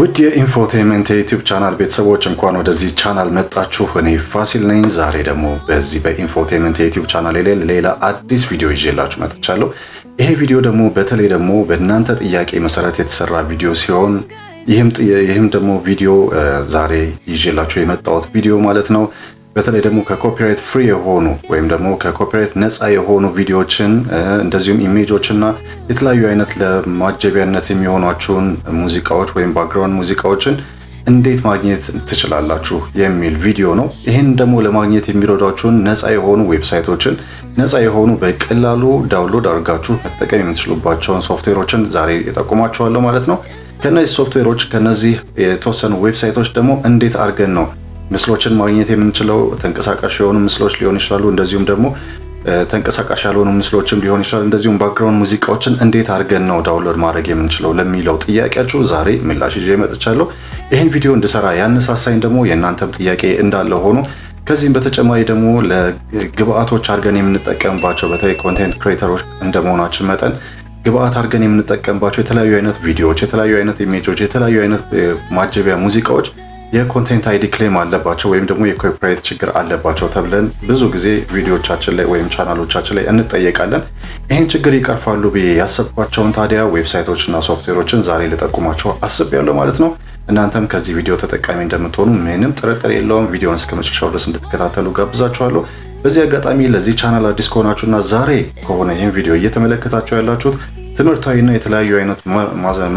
ውድ የኢንፎቴንመንት የዩቲዩብ ቻናል ቤተሰቦች እንኳን ወደዚህ ቻናል መጣችሁ። እኔ ፋሲል ነኝ። ዛሬ ደግሞ በዚህ በኢንፎቴንመንት የዩቲዩብ ቻናል ላይ ሌላ አዲስ ቪዲዮ ይዤላችሁ መጥቻለሁ። ይሄ ቪዲዮ ደግሞ በተለይ ደግሞ በእናንተ ጥያቄ መሰረት የተሰራ ቪዲዮ ሲሆን ይህም ደግሞ ቪዲዮ ዛሬ ይዤላችሁ የመጣሁት ቪዲዮ ማለት ነው በተለይ ደግሞ ከኮፒራይት ፍሪ የሆኑ ወይም ደግሞ ከኮፒራይት ነፃ የሆኑ ቪዲዮዎችን እንደዚሁም ኢሜጆችና የተለያዩ አይነት ለማጀቢያነት የሚሆኗችሁን ሙዚቃዎች ወይም ባክግራውንድ ሙዚቃዎችን እንዴት ማግኘት ትችላላችሁ የሚል ቪዲዮ ነው። ይህን ደግሞ ለማግኘት የሚረዷችሁን ነፃ የሆኑ ዌብሳይቶችን ነፃ የሆኑ በቀላሉ ዳውንሎድ አድርጋችሁ መጠቀም የምትችሉባቸውን ሶፍትዌሮችን ዛሬ የጠቁማችኋለሁ ማለት ነው። ከነዚህ ሶፍትዌሮች ከነዚህ የተወሰኑ ዌብሳይቶች ደግሞ እንዴት አድርገን ነው ምስሎችን ማግኘት የምንችለው ተንቀሳቃሽ የሆኑ ምስሎች ሊሆን ይችላሉ። እንደዚሁም ደግሞ ተንቀሳቃሽ ያልሆኑ ምስሎችም ሊሆን ይችላል። እንደዚሁም ባክግራውንድ ሙዚቃዎችን እንዴት አድርገን ነው ዳውንሎድ ማድረግ የምንችለው ለሚለው ጥያቄያችሁ ዛሬ ምላሽ ይዤ መጥቻለሁ። ይህን ቪዲዮ እንድሰራ ያነሳሳኝ ደግሞ የእናንተም ጥያቄ እንዳለ ሆኖ ከዚህም በተጨማሪ ደግሞ ለግብአቶች አድርገን የምንጠቀምባቸው በተለይ ኮንቴንት ክሬተሮች እንደመሆናችን መጠን ግብአት አድርገን የምንጠቀምባቸው የተለያዩ አይነት ቪዲዮዎች፣ የተለያዩ አይነት ኢሜጆች፣ የተለያዩ አይነት ማጀቢያ ሙዚቃዎች የኮንቴንት አይዲ ክሌም አለባቸው ወይም ደግሞ የኮፒራይት ችግር አለባቸው ተብለን ብዙ ጊዜ ቪዲዮቻችን ላይ ወይም ቻናሎቻችን ላይ እንጠየቃለን። ይህን ችግር ይቀርፋሉ ብዬ ያሰብኳቸውን ታዲያ ዌብሳይቶችና ሶፍትዌሮችን ዛሬ ልጠቁማቸው አስቤያለሁ ማለት ነው። እናንተም ከዚህ ቪዲዮ ተጠቃሚ እንደምትሆኑ ምንም ጥርጥር የለውም። ቪዲዮን እስከ መጨረሻው ድረስ እንድትከታተሉ ጋብዛችኋለሁ። በዚህ አጋጣሚ ለዚህ ቻናል አዲስ ከሆናችሁና ዛሬ ከሆነ ይህን ቪዲዮ እየተመለከታችሁ ያላችሁት ትምህርታዊና የተለያዩ አይነት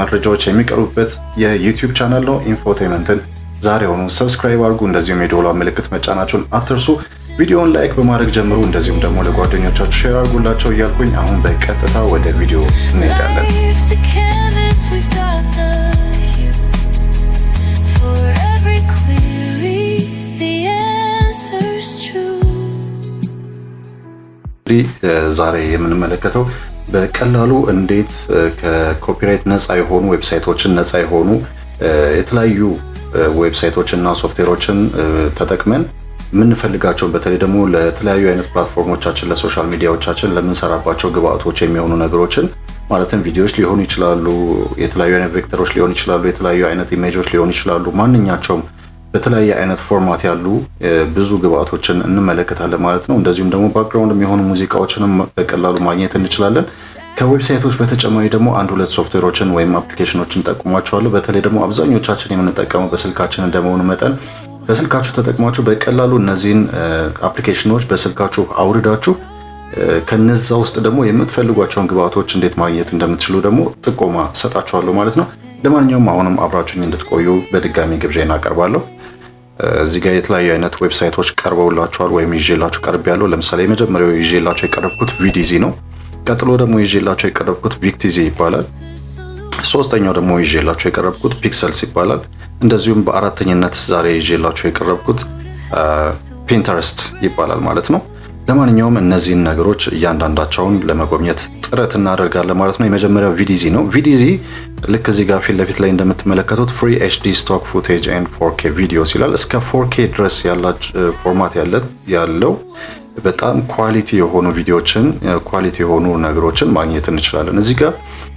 መረጃዎች የሚቀርቡበት የዩቲዩብ ቻናል ነው። ኢንፎቴመንትን ዛሬውኑ ሰብስክራይብ አድርጉ፣ እንደዚሁም የደወሏን ምልክት መጫናችሁን አትርሱ። ቪዲዮውን ላይክ በማድረግ ጀምሩ፣ እንደዚሁም ደግሞ ለጓደኞቻችሁ ሼር አድርጉላቸው እያልኩኝ አሁን በቀጥታ ወደ ቪዲዮ እንሄዳለን። ዛሬ የምንመለከተው በቀላሉ እንዴት ከኮፒራይት ነፃ የሆኑ ዌብሳይቶችን ነፃ የሆኑ የተለያዩ እና ሶፍትዌሮችን ተጠቅመን የምንፈልጋቸውን በተለይ ደግሞ ለተለያዩ አይነት ፕላትፎርሞቻችን ለሶሻል ሚዲያዎቻችን ለምንሰራባቸው ግብአቶች የሚሆኑ ነገሮችን ማለትም ቪዲዮዎች ሊሆኑ ይችላሉ፣ የተለያዩ አይነት ቬክተሮች ሊሆኑ ይችላሉ፣ የተለያዩ አይነት ኢሜጆች ሊሆኑ ይችላሉ። ማንኛቸውም በተለያየ አይነት ፎርማት ያሉ ብዙ ግብአቶችን እንመለከታለን ማለት ነው። እንደዚሁም ደግሞ ባክግራውንድ የሚሆኑ ሙዚቃዎችንም በቀላሉ ማግኘት እንችላለን። ከዌብሳይቶች በተጨማሪ ደግሞ አንድ ሁለት ሶፍትዌሮችን ወይም አፕሊኬሽኖችን ጠቁሟቸዋለሁ። በተለይ ደግሞ አብዛኞቻችን የምንጠቀመው በስልካችን እንደመሆኑ መጠን በስልካችሁ ተጠቅማችሁ በቀላሉ እነዚህን አፕሊኬሽኖች በስልካችሁ አውርዳችሁ ከነዛ ውስጥ ደግሞ የምትፈልጓቸውን ግብአቶች እንዴት ማግኘት እንደምትችሉ ደግሞ ጥቆማ ሰጣችኋለሁ ማለት ነው። ለማንኛውም አሁንም አብራችሁኝ እንድትቆዩ በድጋሚ ግብዣዬን አቀርባለሁ። እዚህ ጋር የተለያዩ አይነት ዌብሳይቶች ቀርበውላችኋል ወይም ይዤላችሁ ቀርብ ያለው ለምሳሌ የመጀመሪያው ይዤላችሁ የቀረብኩት ቪዲዚ ነው። ቀጥሎ ደግሞ ይዤላቸው የቀረብኩት ቪክቲዚ ይባላል። ሶስተኛው ደግሞ ይዤላቸው የቀረብኩት ፒክሰልስ ይባላል። እንደዚሁም በአራተኝነት ዛሬ ይዤላቸው የቀረብኩት ፒንተረስት ይባላል ማለት ነው። ለማንኛውም እነዚህን ነገሮች እያንዳንዳቸውን ለመጎብኘት ጥረት እናደርጋለን ማለት ነው። የመጀመሪያው ቪዲዚ ነው። ቪዲዚ ልክ እዚህ ጋር ፊት ለፊት ላይ እንደምትመለከቱት ፍሪ ኤችዲ ስቶክ ፉቴጅ ኤንድ ፎርኬ ቪዲዮስ ይላል። እስከ ኬ ድረስ ፎርማት ያለው በጣም ኳሊቲ የሆኑ ቪዲዮዎችን ኳሊቲ የሆኑ ነገሮችን ማግኘት እንችላለን። እዚህ ጋር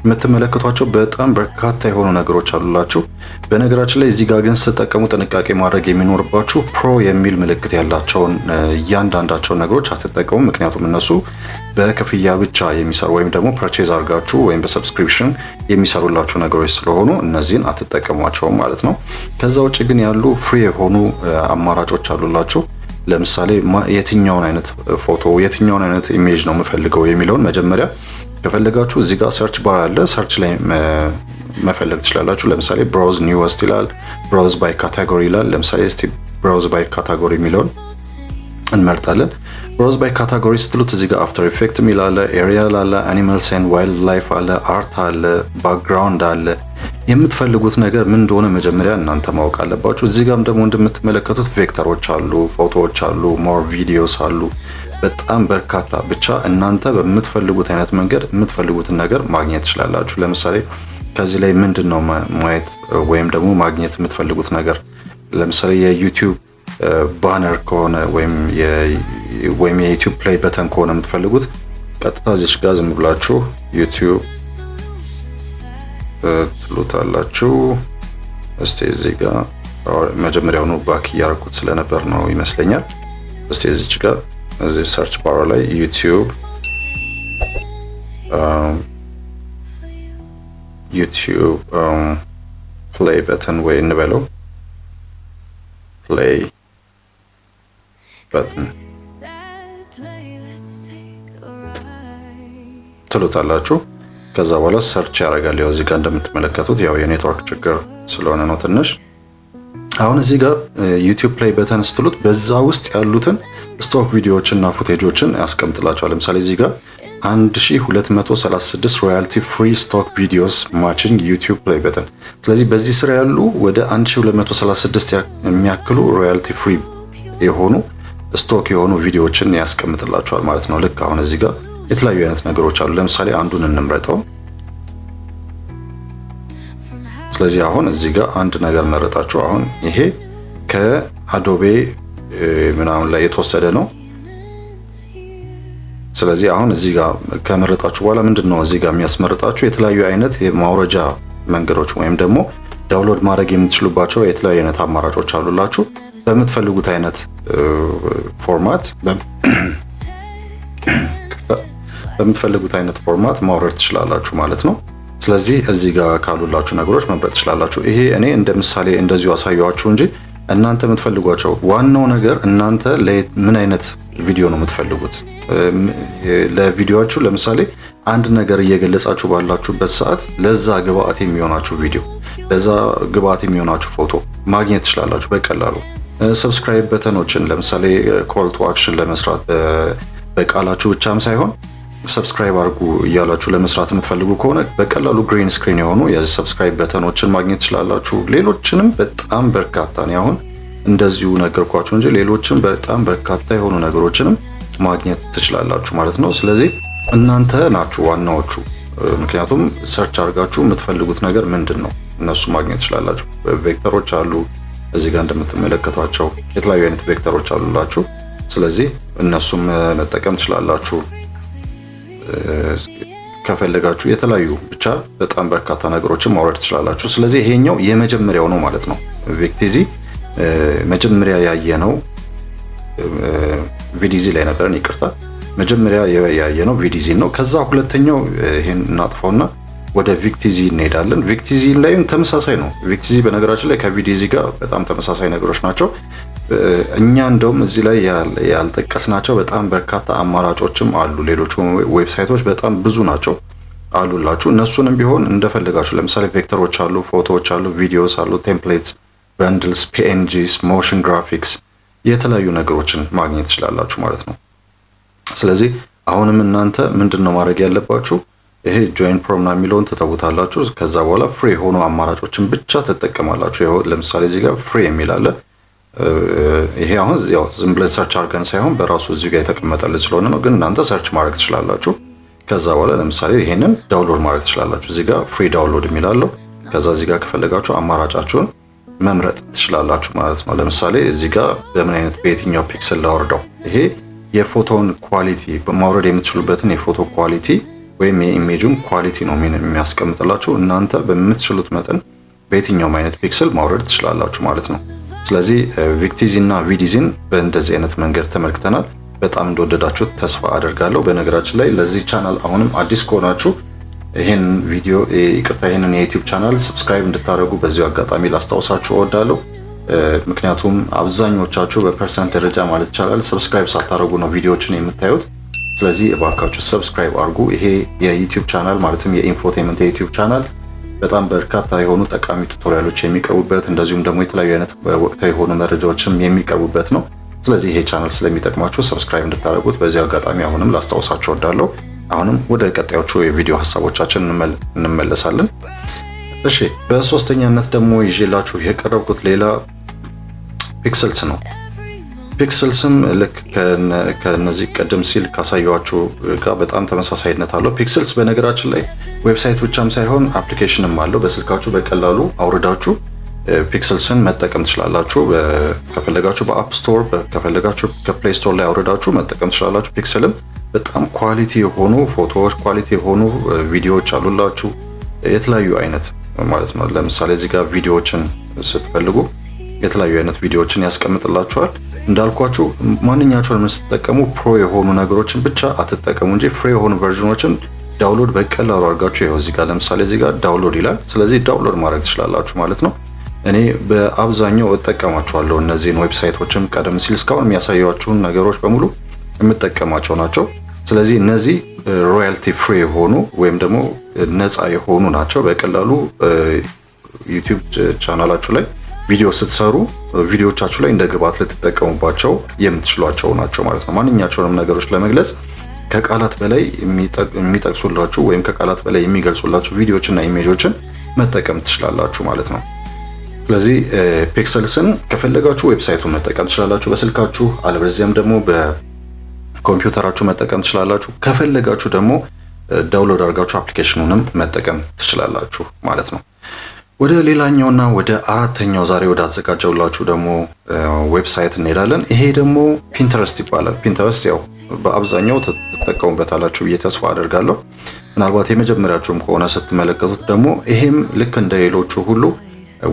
የምትመለከቷቸው በጣም በርካታ የሆኑ ነገሮች አሉላችሁ። በነገራችን ላይ እዚህ ጋር ግን ስትጠቀሙ ጥንቃቄ ማድረግ የሚኖርባችሁ ፕሮ የሚል ምልክት ያላቸውን እያንዳንዳቸውን ነገሮች አትጠቀሙ። ምክንያቱም እነሱ በክፍያ ብቻ የሚሰሩ ወይም ደግሞ ፐርቼዝ አድርጋችሁ ወይም በሰብስክሪፕሽን የሚሰሩላችሁ ነገሮች ስለሆኑ እነዚህን አትጠቀሟቸውም ማለት ነው። ከዛ ውጭ ግን ያሉ ፍሪ የሆኑ አማራጮች አሉላችሁ። ለምሳሌ የትኛውን አይነት ፎቶ የትኛውን አይነት ኢሜጅ ነው የምፈልገው የሚለውን መጀመሪያ ከፈለጋችሁ እዚህ ጋር ሰርች ባር አለ። ሰርች ላይ መፈለግ ትችላላችሁ። ለምሳሌ ብራውዝ ኒውስት ይላል፣ ብራውዝ ባይ ካታጎሪ ይላል። ለምሳሌ እስቲ ብራውዝ ባይ ካታጎሪ የሚለውን እንመርጣለን። ብሮዝ ባይ ካታጎሪ ስትሉት እዚህ ጋር አፍተር ኢፌክት የሚል አለ፣ ኤሪያል አለ፣ አኒማልስ ኤንድ ዋይልድ ላይፍ አለ፣ አርት አለ፣ ባክግራውንድ አለ የምትፈልጉት ነገር ምን እንደሆነ መጀመሪያ እናንተ ማወቅ አለባችሁ። እዚህ ጋም ደግሞ እንደምትመለከቱት ቬክተሮች አሉ፣ ፎቶዎች አሉ፣ ሞር ቪዲዮስ አሉ። በጣም በርካታ ብቻ እናንተ በምትፈልጉት አይነት መንገድ የምትፈልጉትን ነገር ማግኘት ትችላላችሁ። ለምሳሌ ከዚህ ላይ ምንድን ነው ማየት ወይም ደግሞ ማግኘት የምትፈልጉት ነገር ለምሳሌ የዩቲዩብ ባነር ከሆነ ወይም የዩቲዩብ ፕሌይ በተን ከሆነ የምትፈልጉት ቀጥታ እዚች ጋር ዝም ብላችሁ ዩቲዩብ ትሉታላችሁ። እስቲ እዚህ ጋር መጀመሪያውኑ ባክ እያደረኩት ስለነበር ነው ይመስለኛል። እስቲ እዚች ጋር እዚህ ሰርች ባር ላይ ዩቲዩብ ዩቲዩብ ፕሌይ በተን ወይ እንበለው ፕሌይ በተን ትሉታላችሁ። ከዛ በኋላ ሰርች ያደርጋል። ያው እዚህ ጋር እንደምትመለከቱት ያው የኔትወርክ ችግር ስለሆነ ነው ትንሽ። አሁን እዚህ ጋር ዩቲዩብ ላይ በተን ስትሉት በዛ ውስጥ ያሉትን ስቶክ ቪዲዮዎችን እና ፉቴጆችን ያስቀምጥላቸዋል። ለምሳሌ እዚህ ጋር 1236 ሮያልቲ ፍሪ ስቶክ ቪዲዮስ ማችንግ ዩቲዩብ ፕሌይ በተን። ስለዚህ በዚህ ስራ ያሉ ወደ 1236 የሚያክሉ ሮያልቲ ፍሪ የሆኑ ስቶክ የሆኑ ቪዲዮዎችን ያስቀምጥላቸዋል ማለት ነው። ልክ አሁን እዚህ ጋር የተለያዩ አይነት ነገሮች አሉ። ለምሳሌ አንዱን እንምረጠው። ስለዚህ አሁን እዚህ ጋር አንድ ነገር መረጣችሁ። አሁን ይሄ ከአዶቤ ምናምን ላይ የተወሰደ ነው። ስለዚህ አሁን እዚህ ጋር ከመረጣችሁ በኋላ ምንድን ነው እዚህ ጋር የሚያስመርጣችሁ የተለያዩ አይነት የማውረጃ መንገዶች ወይም ደግሞ ዳውንሎድ ማድረግ የምትችሉባቸው የተለያዩ አይነት አማራጮች አሉላችሁ በምትፈልጉት አይነት ፎርማት በምትፈልጉት አይነት ፎርማት ማውረድ ትችላላችሁ ማለት ነው። ስለዚህ እዚህ ጋር ካሉላችሁ ነገሮች መምረጥ ትችላላችሁ። ይሄ እኔ እንደ ምሳሌ እንደዚሁ አሳየዋችሁ እንጂ እናንተ የምትፈልጓቸው ዋናው ነገር እናንተ ምን አይነት ቪዲዮ ነው የምትፈልጉት። ለቪዲዮችሁ ለምሳሌ አንድ ነገር እየገለጻችሁ ባላችሁበት ሰዓት ለዛ ግብአት የሚሆናችሁ ቪዲዮ፣ ለዛ ግብአት የሚሆናችሁ ፎቶ ማግኘት ትችላላችሁ በቀላሉ። ሰብስክራይብ በተኖችን ለምሳሌ ኮል ቱ አክሽን ለመስራት በቃላችሁ ብቻም ሳይሆን ሰብስክራይብ አድርጉ እያላችሁ ለመስራት የምትፈልጉ ከሆነ በቀላሉ ግሪን ስክሪን የሆኑ የሰብስክራይብ በተኖችን ማግኘት ትችላላችሁ። ሌሎችንም በጣም በርካታ ነው አሁን እንደዚሁ ነገርኳችሁ እንጂ ሌሎችም በጣም በርካታ የሆኑ ነገሮችንም ማግኘት ትችላላችሁ ማለት ነው። ስለዚህ እናንተ ናችሁ ዋናዎቹ፣ ምክንያቱም ሰርች አድርጋችሁ የምትፈልጉት ነገር ምንድን ነው እነሱ ማግኘት ትችላላችሁ። ቬክተሮች አሉ እዚህ ጋር እንደምትመለከቷቸው የተለያዩ አይነት ቬክተሮች አሉላችሁ። ስለዚህ እነሱም መጠቀም ትችላላችሁ። ከፈለጋችሁ የተለያዩ ብቻ በጣም በርካታ ነገሮችን ማውረድ ትችላላችሁ። ስለዚህ ይሄኛው የመጀመሪያው ነው ማለት ነው። ቪክቲዚ መጀመሪያ ያየነው ቪዲዚ ላይ ነበረን፣ ይቅርታ መጀመሪያ ያየነው ቪዲዚ ነው። ከዛ ሁለተኛው ይሄን እናጥፈውና ወደ ቪክቲዚ እንሄዳለን። ቪክቲዚ ላይም ተመሳሳይ ነው። ቪክቲዚ በነገራችን ላይ ከቪዲዚ ጋር በጣም ተመሳሳይ ነገሮች ናቸው። እኛ እንደውም እዚህ ላይ ያልጠቀስናቸው በጣም በርካታ አማራጮችም አሉ። ሌሎቹ ዌብሳይቶች በጣም ብዙ ናቸው አሉላችሁ። እነሱንም ቢሆን እንደፈልጋችሁ ለምሳሌ ቬክተሮች አሉ፣ ፎቶዎች አሉ፣ ቪዲዮስ አሉ፣ ቴምፕሌትስ፣ በንድልስ፣ ፒኤንጂስ፣ ሞሽን ግራፊክስ የተለያዩ ነገሮችን ማግኘት ትችላላችሁ ማለት ነው። ስለዚህ አሁንም እናንተ ምንድን ነው ማድረግ ያለባችሁ? ይሄ ጆይን ፕሮምና የሚለውን ትተውታላችሁ። ከዛ በኋላ ፍሪ የሆኑ አማራጮችን ብቻ ትጠቀማላችሁ። ለምሳሌ እዚህ ጋር ፍሪ የሚል ይሄ አሁን ያው ዝም ብለን ሰርች አድርገን ሳይሆን በራሱ እዚህ ጋር የተቀመጠልን ስለሆነ ነው። ግን እናንተ ሰርች ማድረግ ትችላላችሁ። ከዛ በኋላ ለምሳሌ ይሄንን ዳውንሎድ ማድረግ ትችላላችሁ። እዚህ ጋር ፍሪ ዳውንሎድ የሚላለው ከዛ እዚህ ጋር ከፈለጋችሁ አማራጫችሁን መምረጥ ትችላላችሁ ማለት ነው። ለምሳሌ እዚህ ጋር በምን አይነት በየትኛው ፒክስል ላወርደው። ይሄ የፎቶን ኳሊቲ ማውረድ የምትችሉበትን የፎቶ ኳሊቲ ወይም የኢሜጁን ኳሊቲ ነው የሚያስቀምጥላችሁ። እናንተ በምትችሉት መጠን በየትኛውም አይነት ፒክስል ማውረድ ትችላላችሁ ማለት ነው። ስለዚህ ቪክቲዝ እና ቪዲዝን በእንደዚህ አይነት መንገድ ተመልክተናል። በጣም እንደወደዳችሁት ተስፋ አደርጋለሁ። በነገራችን ላይ ለዚህ ቻናል አሁንም አዲስ ከሆናችሁ ይህን ቪዲዮ ይቅርታ፣ ይህንን የዩቲዩብ ቻናል ሰብስክራይብ እንድታደርጉ በዚሁ አጋጣሚ ላስታውሳችሁ እወዳለሁ። ምክንያቱም አብዛኞቻችሁ በፐርሰንት ደረጃ ማለት ይቻላል ሰብስክራይብ ሳታደርጉ ነው ቪዲዮዎችን የምታዩት። ስለዚህ እባካችሁ ሰብስክራይብ አድርጉ። ይሄ የዩቲዩብ ቻናል ማለትም የኢንፎቴመንት የዩቲዩብ ቻናል በጣም በርካታ የሆኑ ጠቃሚ ቱቶሪያሎች የሚቀርቡበት እንደዚሁም ደግሞ የተለያዩ አይነት ወቅታዊ የሆኑ መረጃዎችም የሚቀርቡበት ነው። ስለዚህ ይሄ ቻናል ስለሚጠቅማችሁ ሰብስክራይብ እንድታደርጉት በዚህ አጋጣሚ አሁንም ላስታውሳችሁ እወዳለሁ። አሁንም ወደ ቀጣዮቹ የቪዲዮ ሀሳቦቻችን እንመለሳለን። እሺ፣ በሶስተኛነት ደግሞ ይዤላችሁ የቀረብኩት ሌላ ፒክስልስ ነው። ፒክስልስም ልክ ከነዚህ ቀደም ሲል ካሳየኋችሁ ጋር በጣም ተመሳሳይነት አለው። ፒክስልስ በነገራችን ላይ ዌብሳይት ብቻም ሳይሆን አፕሊኬሽንም አለው። በስልካችሁ በቀላሉ አውርዳችሁ ፒክስልስን መጠቀም ትችላላችሁ። ከፈለጋችሁ በአፕ ስቶር፣ ከፈለጋችሁ ከፕሌይ ስቶር ላይ አውርዳችሁ መጠቀም ትችላላችሁ። ፒክስልም በጣም ኳሊቲ የሆኑ ፎቶዎች፣ ኳሊቲ የሆኑ ቪዲዮዎች አሉላችሁ። የተለያዩ አይነት ማለት ነው። ለምሳሌ እዚህ ጋር ቪዲዮዎችን ስትፈልጉ የተለያዩ አይነት ቪዲዮዎችን ያስቀምጥላችኋል። እንዳልኳችሁ ማንኛቸውን ስትጠቀሙ ፕሮ የሆኑ ነገሮችን ብቻ አትጠቀሙ እንጂ ፍሪ የሆኑ ቨርዥኖችን ዳውንሎድ በቀላሉ አድርጋችሁ ይኸው እዚህ ጋር ለምሳሌ እዚህ ጋር ዳውንሎድ ይላል። ስለዚህ ዳውንሎድ ማድረግ ትችላላችሁ ማለት ነው። እኔ በአብዛኛው እጠቀማቸዋለሁ እነዚህን ዌብሳይቶችም ቀደም ሲል እስካሁን የሚያሳያችሁን ነገሮች በሙሉ የምጠቀማቸው ናቸው። ስለዚህ እነዚህ ሮያልቲ ፍሪ የሆኑ ወይም ደግሞ ነፃ የሆኑ ናቸው። በቀላሉ ዩቲዩብ ቻናላችሁ ላይ ቪዲዮ ስትሰሩ ቪዲዮቻችሁ ላይ እንደ ግብዓት ልትጠቀሙባቸው የምትችሏቸው ናቸው ማለት ነው። ማንኛቸውንም ነገሮች ለመግለጽ ከቃላት በላይ የሚጠቅሱላችሁ ወይም ከቃላት በላይ የሚገልጹላችሁ ቪዲዮዎች እና ኢሜጆችን መጠቀም ትችላላችሁ ማለት ነው። ስለዚህ ፒክሰልስን ከፈለጋችሁ ዌብሳይቱን መጠቀም ትችላላችሁ በስልካችሁ፣ አለበለዚያም ደግሞ በኮምፒውተራችሁ መጠቀም ትችላላችሁ። ከፈለጋችሁ ደግሞ ዳውንሎድ አድርጋችሁ አፕሊኬሽኑንም መጠቀም ትችላላችሁ ማለት ነው። ወደ ሌላኛውና ወደ አራተኛው ዛሬ ወደ አዘጋጀውላችሁ ደግሞ ዌብሳይት እንሄዳለን። ይሄ ደግሞ ፒንተረስት ይባላል። ፒንተረስት ያው በአብዛኛው ትጠቀሙበታላችሁ ብዬ ተስፋ አደርጋለሁ። ምናልባት የመጀመሪያችሁም ከሆነ ስትመለከቱት ደግሞ ይሄም ልክ እንደ ሌሎቹ ሁሉ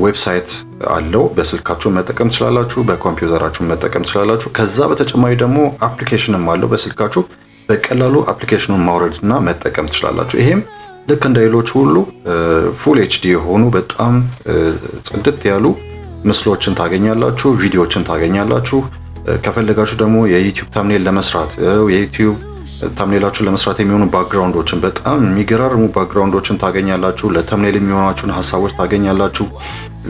ዌብሳይት አለው። በስልካችሁ መጠቀም ትችላላችሁ፣ በኮምፒውተራችሁ መጠቀም ትችላላችሁ። ከዛ በተጨማሪ ደግሞ አፕሊኬሽንም አለው። በስልካችሁ በቀላሉ አፕሊኬሽኑን ማውረድ እና መጠቀም ትችላላችሁ። ይሄም ልክ እንደ ሌሎች ሁሉ ፉል ኤችዲ የሆኑ በጣም ጽድት ያሉ ምስሎችን ታገኛላችሁ፣ ቪዲዮዎችን ታገኛላችሁ። ከፈለጋችሁ ደግሞ የዩቲዩብ ታምኔል ለመስራት የዩቲዩብ ታምኔላችሁን ለመስራት የሚሆኑ ባክግራውንዶችን በጣም የሚገራርሙ ባክግራውንዶችን ታገኛላችሁ። ለተምኔል የሚሆናችሁን ሀሳቦች ታገኛላችሁ።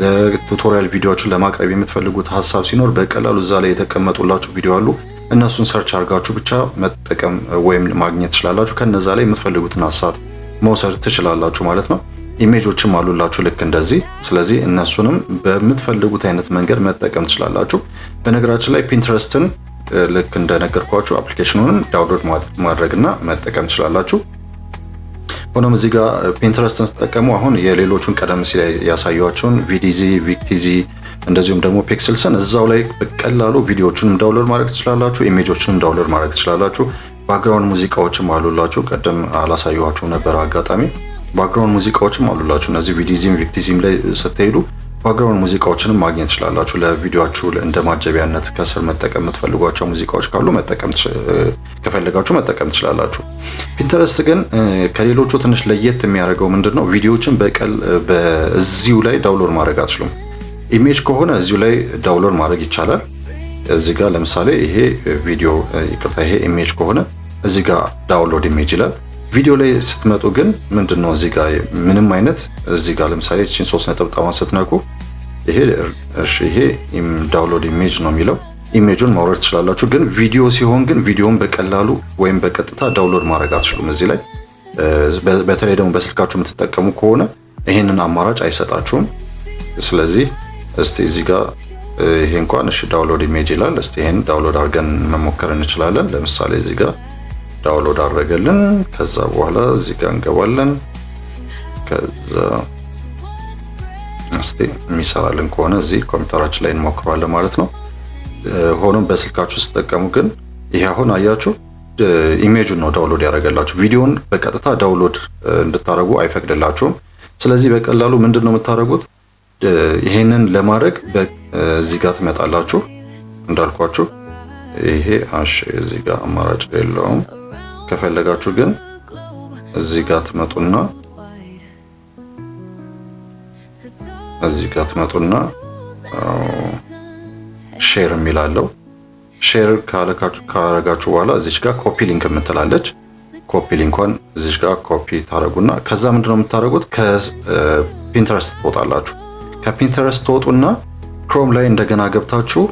ለቱቶሪያል ቪዲዮችን ለማቅረብ የምትፈልጉት ሀሳብ ሲኖር በቀላሉ እዛ ላይ የተቀመጡላችሁ ቪዲዮ አሉ። እነሱን ሰርች አድርጋችሁ ብቻ መጠቀም ወይም ማግኘት ትችላላችሁ። ከነዛ ላይ የምትፈልጉትን ሀሳብ መውሰድ ትችላላችሁ ማለት ነው። ኢሜጆችም አሉላችሁ ልክ እንደዚህ። ስለዚህ እነሱንም በምትፈልጉት አይነት መንገድ መጠቀም ትችላላችሁ። በነገራችን ላይ ፒንትረስትን ልክ እንደነገርኳችሁ አፕሊኬሽኑንም ዳውንሎድ ማድረግና መጠቀም ትችላላችሁ። ሆኖም እዚህ ጋር ፒንትረስትን ስጠቀሙ አሁን የሌሎቹን ቀደም ሲል ያሳዩዋቸውን ቪዲዚ፣ ቪክቲዚ እንደዚሁም ደግሞ ፒክስልስን እዛው ላይ በቀላሉ ቪዲዮዎቹንም ዳውንሎድ ማድረግ ትችላላችሁ። ኢሜጆችንም ዳውንሎድ ማድረግ ትችላላችሁ። ባክግራውንድ ሙዚቃዎችም አሉላችሁ። ቀደም አላሳየኋችሁ ነበር አጋጣሚ ባክግራውንድ ሙዚቃዎችም አሉላችሁ። እነዚህ ቪዲዚም ቪክቲዚም ላይ ስትሄዱ ባክግራውንድ ሙዚቃዎችንም ማግኘት ትችላላችሁ። ለቪዲዮችሁ እንደ ማጀቢያነት ከስር መጠቀም የምትፈልጓቸው ሙዚቃዎች ካሉ መጠቀም ከፈለጋችሁ መጠቀም ትችላላችሁ። ፒንተረስት ግን ከሌሎቹ ትንሽ ለየት የሚያደርገው ምንድን ነው? ቪዲዮዎችን በቀል በዚሁ ላይ ዳውንሎድ ማድረግ አትችሉም። ኢሜጅ ከሆነ እዚሁ ላይ ዳውንሎድ ማድረግ ይቻላል። እዚህ ጋር ለምሳሌ ይሄ ቪዲዮ ይቅርታ፣ ይሄ ኢሜጅ ከሆነ እዚህ ጋር ዳውንሎድ ኢሜጅ ይላል። ቪዲዮ ላይ ስትመጡ ግን ምንድን ነው እዚህ ጋር ምንም አይነት እዚህ ጋር ለምሳሌ እችን ሶስት ነጠብጣዋን ስትነቁ ይሄ ይሄ ዳውንሎድ ኢሜጅ ነው የሚለው ኢሜጁን ማውረድ ትችላላችሁ። ግን ቪዲዮ ሲሆን ግን ቪዲዮን በቀላሉ ወይም በቀጥታ ዳውንሎድ ማድረግ አትችሉም። እዚህ ላይ በተለይ ደግሞ በስልካችሁ የምትጠቀሙ ከሆነ ይህንን አማራጭ አይሰጣችሁም። ስለዚህ እስቲ እዚህ ጋር ይሄ እንኳን እሺ ዳውንሎድ ኢሜጅ ይላል። እስቲ ይሄን ዳውንሎድ አድርገን መሞከር እንችላለን። ለምሳሌ እዚህ ጋር ዳውንሎድ አድረገልን። ከዛ በኋላ እዚህ ጋር እንገባለን። ከዛ እስቲ የሚሰራልን ከሆነ እዚህ ኮምፒውተራችን ላይ እንሞክራለን ማለት ነው። ሆኖም በስልካችሁ ስትጠቀሙ ግን ይሄ አሁን አያችሁ ኢሜጁን ነው ዳውንሎድ ያደረገላችሁ። ቪዲዮን በቀጥታ ዳውንሎድ እንድታደርጉ አይፈቅድላችሁም። ስለዚህ በቀላሉ ምንድን ነው የምታደርጉት? ይሄንን ለማድረግ እዚህ ጋር ትመጣላችሁ። እንዳልኳችሁ ይሄ እዚህ ጋር አማራጭ የለውም። ከፈለጋችሁ ግን እዚህ ጋር ትመጡና እዚህ ጋር ትመጡና ሼር የሚላለው ሼር ካረጋችሁ በኋላ እዚች ጋር ኮፒ ሊንክ የምትላለች ኮፒ ሊንኳን እዚች ጋር ኮፒ ታደረጉና ከዛ ምንድነው የምታደረጉት ከፒንተረስት ትወጣላችሁ። ከፒንተረስት ትወጡና ክሮም ላይ እንደገና ገብታችሁ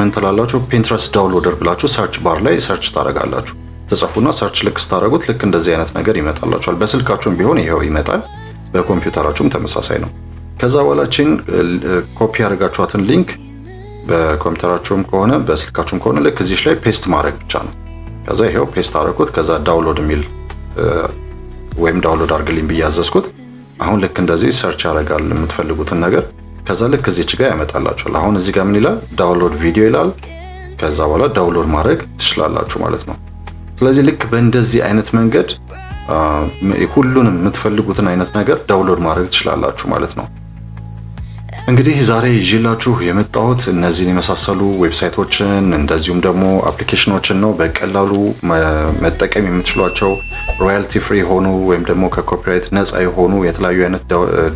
ምን ትላላችሁ? ፒንተረስት ዳውንሎደር ብላችሁ ሰርች ባር ላይ ሰርች ታደረጋላችሁ። ተጽፉና ሰርች ልክ ስታደረጉት ልክ እንደዚህ አይነት ነገር ይመጣላችኋል። በስልካችሁም ቢሆን ይሄው ይመጣል። በኮምፒውተራችሁም ተመሳሳይ ነው። ከዛ በኋላችን ኮፒ ያደርጋችኋትን ሊንክ በኮምፒውተራችሁም ከሆነ በስልካችሁም ከሆነ ልክ እዚህ ላይ ፔስት ማድረግ ብቻ ነው። ከዛ ይሄው ፔስት አደረኩት። ከዛ ዳውንሎድ የሚል ወይም ዳውንሎድ አድርግልኝ ብዬ አሁን ልክ እንደዚህ ሰርች ያደርጋል የምትፈልጉትን ነገር። ከዛ ልክ እዚች ጋር ያመጣላችኋል። አሁን እዚህ ጋር ምን ይላል? ዳውንሎድ ቪዲዮ ይላል። ከዛ በኋላ ዳውንሎድ ማድረግ ትችላላችሁ ማለት ነው። ስለዚህ ልክ በእንደዚህ አይነት መንገድ ሁሉንም የምትፈልጉትን አይነት ነገር ዳውንሎድ ማድረግ ትችላላችሁ ማለት ነው። እንግዲህ ዛሬ ይዤላችሁ የመጣሁት እነዚህን የመሳሰሉ ዌብሳይቶችን እንደዚሁም ደግሞ አፕሊኬሽኖችን ነው። በቀላሉ መጠቀም የምትችሏቸው ሮያልቲ ፍሪ የሆኑ ወይም ደግሞ ከኮፒራይት ነፃ የሆኑ የተለያዩ አይነት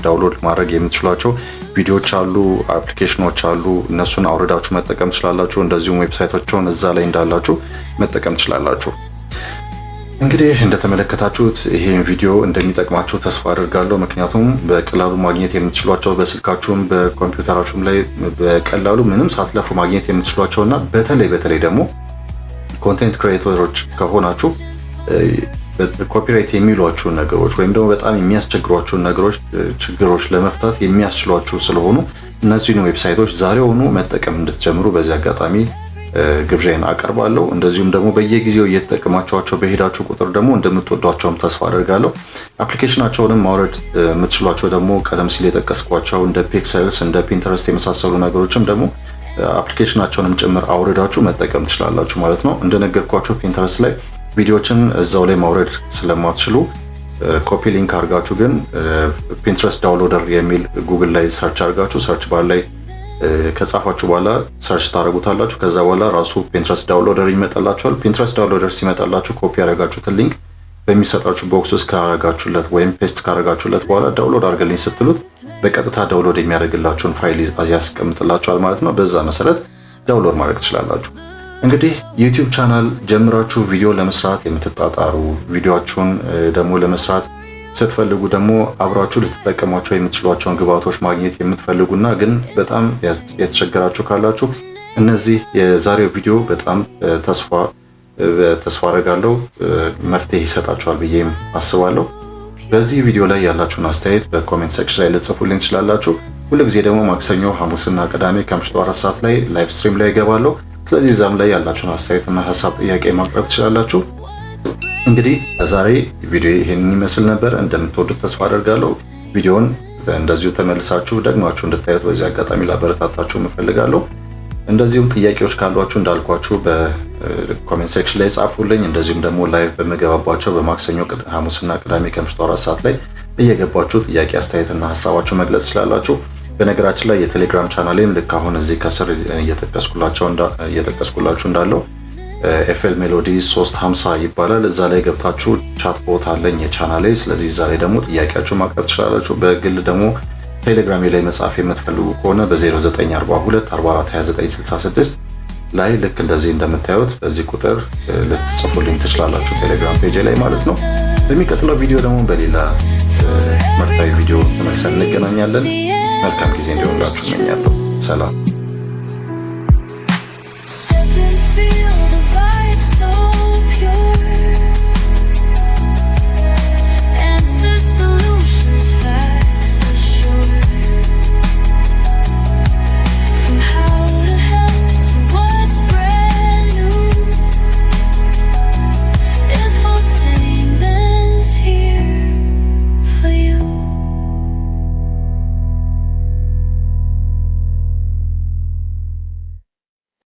ዳውንሎድ ማድረግ የምትችሏቸው ቪዲዮዎች አሉ፣ አፕሊኬሽኖች አሉ። እነሱን አውርዳችሁ መጠቀም ትችላላችሁ። እንደዚሁም ዌብሳይቶቸውን እዛ ላይ እንዳላችሁ መጠቀም ትችላላችሁ። እንግዲህ እንደተመለከታችሁት ይሄን ቪዲዮ እንደሚጠቅማችሁ ተስፋ አድርጋለሁ። ምክንያቱም በቀላሉ ማግኘት የምትችሏቸው በስልካችሁም በኮምፒውተራችሁም ላይ በቀላሉ ምንም ሳትለፉ ማግኘት የምትችሏቸው እና በተለይ በተለይ ደግሞ ኮንቴንት ክሬተሮች ከሆናችሁ ኮፒራይት የሚሏችሁን ነገሮች ወይም ደግሞ በጣም የሚያስቸግሯችሁን ነገሮች ችግሮች ለመፍታት የሚያስችሏችሁ ስለሆኑ እነዚህን ዌብሳይቶች ዛሬውኑ መጠቀም እንድትጀምሩ በዚህ አጋጣሚ ግብዣይን አቀርባለሁ። እንደዚሁም ደግሞ በየጊዜው እየተጠቀማችኋቸው በሄዳችሁ ቁጥር ደግሞ እንደምትወዷቸውም ተስፋ አደርጋለሁ። አፕሊኬሽናቸውንም ማውረድ የምትችሏቸው ደግሞ ቀደም ሲል የጠቀስኳቸው እንደ ፒክሰልስ እንደ ፒንተረስት የመሳሰሉ ነገሮችም ደግሞ አፕሊኬሽናቸውንም ጭምር አውርዳችሁ መጠቀም ትችላላችሁ ማለት ነው። እንደነገርኳቸው ፒንተረስት ላይ ቪዲዮችን እዛው ላይ ማውረድ ስለማትችሉ ኮፒ ሊንክ አድርጋችሁ ግን ፒንትረስት ዳውንሎደር የሚል ጉግል ላይ ሰርች አድርጋችሁ ሰርች ባር ላይ ከጻፋችሁ በኋላ ሰርች ታደረጉታላችሁ። ከዛ በኋላ ራሱ ፒንትረስት ዳውንሎደር ይመጣላችኋል። ፒንትረስት ዳውንሎደር ሲመጣላችሁ ኮፒ ያደረጋችሁትን ሊንክ በሚሰጣችሁ ቦክስ ውስጥ ካረጋችሁለት ወይም ፔስት ካረጋችሁለት በኋላ ዳውንሎድ አድርገልኝ ስትሉት በቀጥታ ዳውንሎድ የሚያደርግላችሁን ፋይል ያስቀምጥላችኋል ማለት ነው። በዛ መሰረት ዳውንሎድ ማድረግ ትችላላችሁ። እንግዲህ ዩቲዩብ ቻናል ጀምራችሁ ቪዲዮ ለመስራት የምትጣጣሩ ቪዲዮችሁን ደግሞ ለመስራት ስትፈልጉ ደግሞ አብራችሁ ልትጠቀሟቸው የምትችሏቸውን ግብአቶች ማግኘት የምትፈልጉና ግን በጣም የተቸገራችሁ ካላችሁ እነዚህ የዛሬው ቪዲዮ በጣም ተስፋ ተስፋ አደርጋለሁ መፍትሄ ይሰጣችኋል ብዬም አስባለሁ። በዚህ ቪዲዮ ላይ ያላችሁን አስተያየት በኮሜንት ሴክሽን ላይ ልጽፉልኝ ትችላላችሁ። ሁልጊዜ ደግሞ ማክሰኞ፣ ሐሙስና ቅዳሜ ከምሽቱ አራት ሰዓት ላይ ላይቭ ስትሪም ላይ ይገባለሁ። ስለዚህ እዛም ላይ ያላችሁን አስተያየትና ሀሳብ ጥያቄ ማቅረብ ትችላላችሁ። እንግዲህ ለዛሬ ቪዲዮ ይህንን ይመስል ነበር። እንደምትወዱት ተስፋ አደርጋለሁ። ቪዲዮውን እንደዚሁ ተመልሳችሁ ደግማችሁ እንድታዩት በዚህ አጋጣሚ ላበረታታችሁ እፈልጋለሁ። እንደዚሁም ጥያቄዎች ካሏችሁ እንዳልኳችሁ በኮሜንት ሴክሽን ላይ ጻፉልኝ። እንደዚሁም ደግሞ ላይቭ በምገባባቸው በማክሰኞ፣ ሐሙስና ቅዳሜ ከምሽቱ አራት ሰዓት ላይ እየገባችሁ ጥያቄ አስተያየትና ሀሳባችሁ መግለጽ ስላላችሁ በነገራችን ላይ የቴሌግራም ቻናሌም ልክ አሁን እዚህ ከስር እየጠቀስኩላችሁ እንዳለው ኤፍኤል ሜሎዲ 350 ይባላል። እዛ ላይ ገብታችሁ ቻት ቦት አለኝ የቻናሌ። ስለዚህ እዛ ላይ ደግሞ ጥያቄያችሁ ማቅረብ ትችላላችሁ። በግል ደግሞ ቴሌግራሜ ላይ መጻፍ የምትፈልጉ ከሆነ በ0942442966 ላይ ልክ እንደዚህ እንደምታዩት በዚህ ቁጥር ልትጽፉልኝ ትችላላችሁ፣ ቴሌግራም ፔጅ ላይ ማለት ነው። በሚቀጥለው ቪዲዮ ደግሞ በሌላ ምርታዊ ቪዲዮ ተመልሰን እንገናኛለን። መልካም ጊዜ እንዲሆንላችሁ እመኛለሁ። ሰላም vibe so